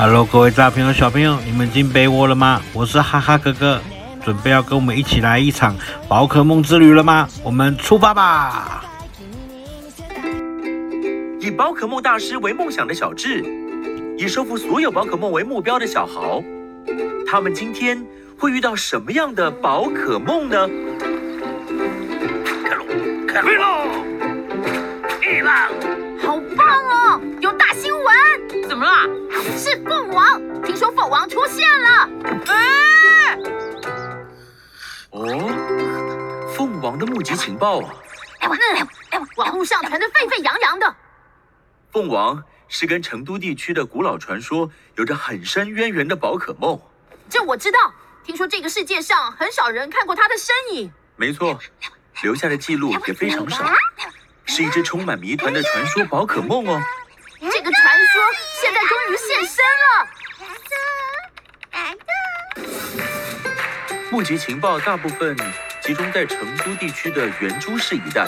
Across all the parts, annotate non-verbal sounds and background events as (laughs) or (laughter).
Hello，各位大朋友、小朋友，你們進被窩了嗎？我是哈哈哥哥，準備要跟我們一起來一場寶可夢之旅了嗎？我們出發吧！以寶可夢大師為夢想的小智，以收服所有寶可夢為目標的小豪，他們今天會遇到什麼樣的寶可夢呢？開龍，開飛龍，一棒，好棒哦！的目擊情報啊，呦網上傳的沸沸揚揚的。鳳王是跟成都地區的古老傳說有着很深淵源的寶可夢。這我知道，聽說這個世界上很少人看過它的身影。沒錯，留下的記錄也非常少，是一只充滿謎團的傳說寶可夢哦。這個傳說現在終於現身了。來，的。目擊情報大部分。集中在成都地區的圓珠市一帶，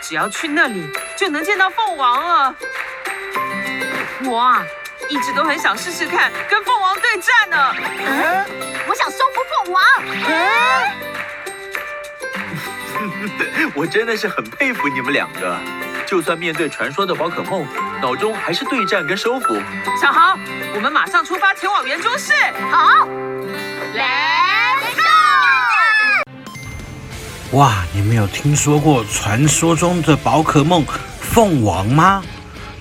只要去那裡就能見到鳳王了，啊。我啊，一直都很想試試看跟鳳王對戰呢，啊哎。我想收服鳳王。哎、 (laughs) 我真的是很佩服你們兩個，就算面對傳說的寶可夢，腦中還是對戰跟收服。小豪，我們馬上出發前往圓珠市。好，來。哇，你們有聽說過傳說中的寶可夢鳳王嗎？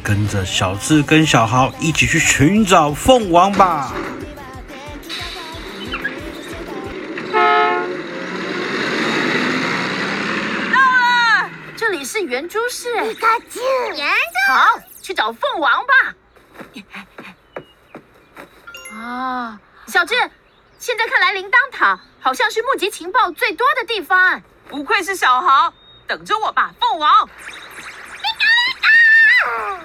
跟着小智跟小豪一起去尋找鳳王吧。到了，這裡是圓朱市。你好，去找鳳王吧。啊、哦，小智，現在看來鈴鐺塔好像是目擊情報最多的地方。不愧是小豪，等着我吧，鳳王。迪高迪高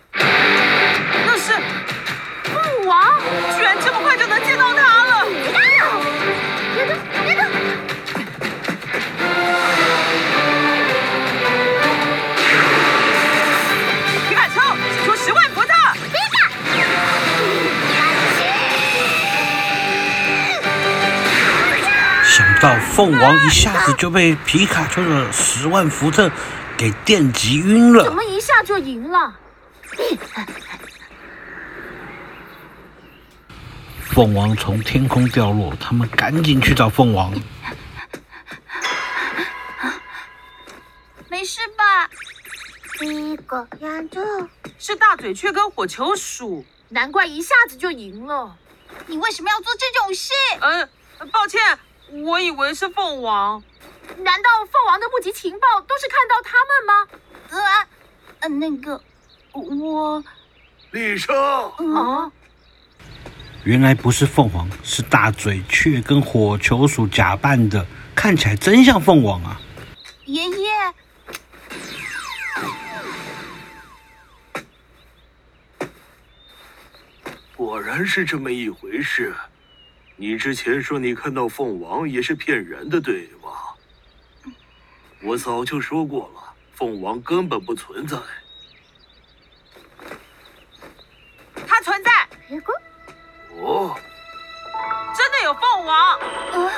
鳳王一下子就被皮卡丘的十萬伏特給電擊暈了。怎麼一下就贏了？鳳王從天空掉落，他們趕緊去找鳳王。沒事吧？第一個忍住。是大嘴雀跟火球鼠，難怪一下子就贏了。你為什麼要做這種事？嗯，抱歉。我以為是鳳王，難道鳳王的目擊情報都是看到他們嗎？呃，嗯、呃，那個我，李徹車，啊、呃，原來不是鳳凰，是大嘴雀跟火球鼠假扮的，看起來真像鳳凰啊！爺爺，果然是這麼一回事。你之前說你看到鳳王也是騙人的，對吧？我早就說過了，鳳王根本不存在。它存在。哦，真的有鳳王？哦，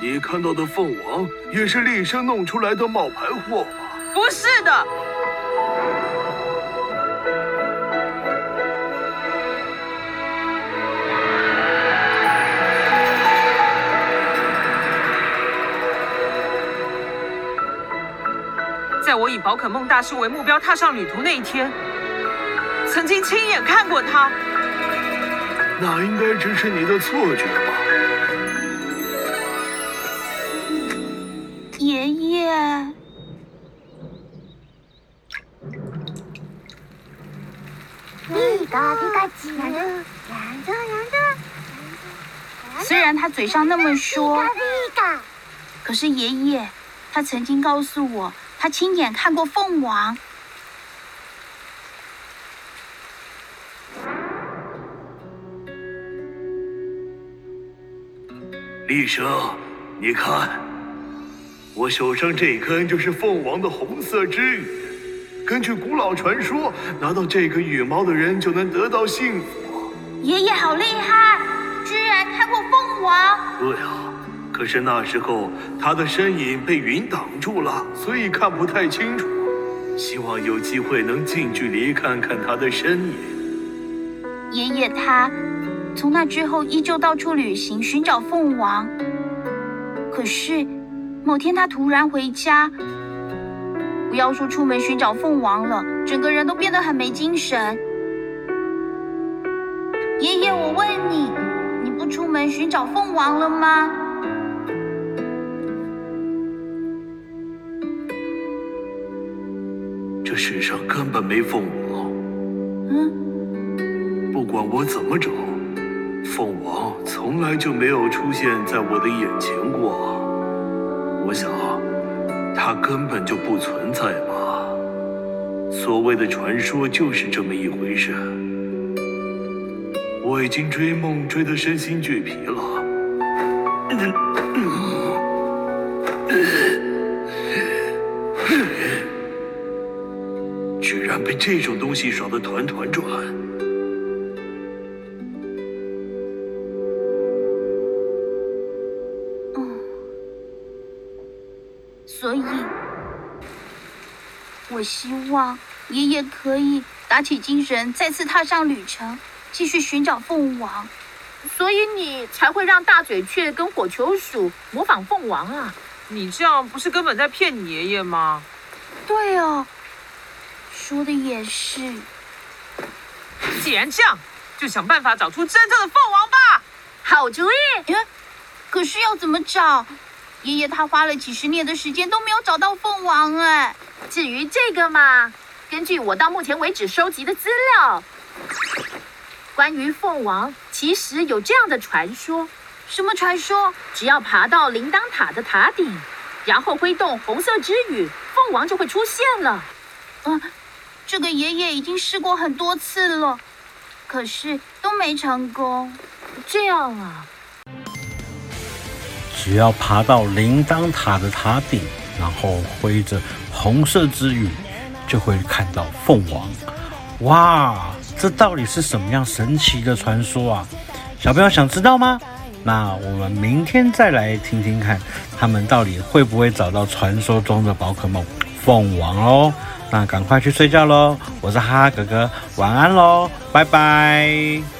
你看到的鳳王也是厲聲弄出來的冒牌貨吧？不是的。以寶可夢大師為目標踏上旅途那一天，曾經親眼看過他。那應該只是你的錯覺吧，爺爺。一個兩個兩個。雖然他嘴上那麼說，可是爺爺，他曾經告訴我。他親眼看過鳳王。厲聲，你看，我手上這根就是鳳王的紅色之羽。根據古老傳說，拿到這根羽毛的人就能得到幸福。爺爺好厲害，居然看過鳳王。對、哎、呀。可是那時候，他的身影被雲擋住了，所以看不太清楚。希望有機會能近距離看看他的身影。爺爺他，從那之後依舊到處旅行尋找鳳王。可是，某天他突然回家，不要說出門尋找鳳王了，整個人都變得很沒精神。爺爺，我問你，你不出門尋找鳳王了嗎？世上根本沒鳳王，嗯，不管我怎麼找，鳳王從來就沒有出現在我的眼前過。我想，他根本就不存在嘛。所謂的傳說就是這麼一回事。我已經追夢追得身心俱疲了，嗯。居然被這種東西耍得團團轉！嗯，所以，我希望爺爺可以打起精神，再次踏上旅程，繼續尋找鳳王。所以你才會讓大嘴雀跟火球鼠模仿鳳王啊！你這樣不是根本在騙你爺爺嗎？對啊、哦。說的也是。既然這樣，就想辦法找出真正的鳳王吧。好主意。嗯，可是要怎麼找？爺爺他花了幾十年的時間都沒有找到鳳王哎。至於這個嘛，根據我到目前為止收集的資料，關於鳳王其實有這樣的傳說。什麼傳說？只要爬到鈴鐺塔的塔頂，然後揮動紅色之羽，鳳王就會出現了。嗯。這個爺爺已經試過很多次了，可是都沒成功。這樣啊？只要爬到鈴鐺塔的塔頂，然後揮着紅色之羽，就會看到鳳王。哇，這到底是什麼樣神奇的傳說啊？小朋友想知道嗎？那我們明天再來聽聽看，他們到底會不會找到傳說中的寶可夢鳳王哦？那趕快去睡覺嘍！我是哈哈哥哥，晚安嘍，拜拜。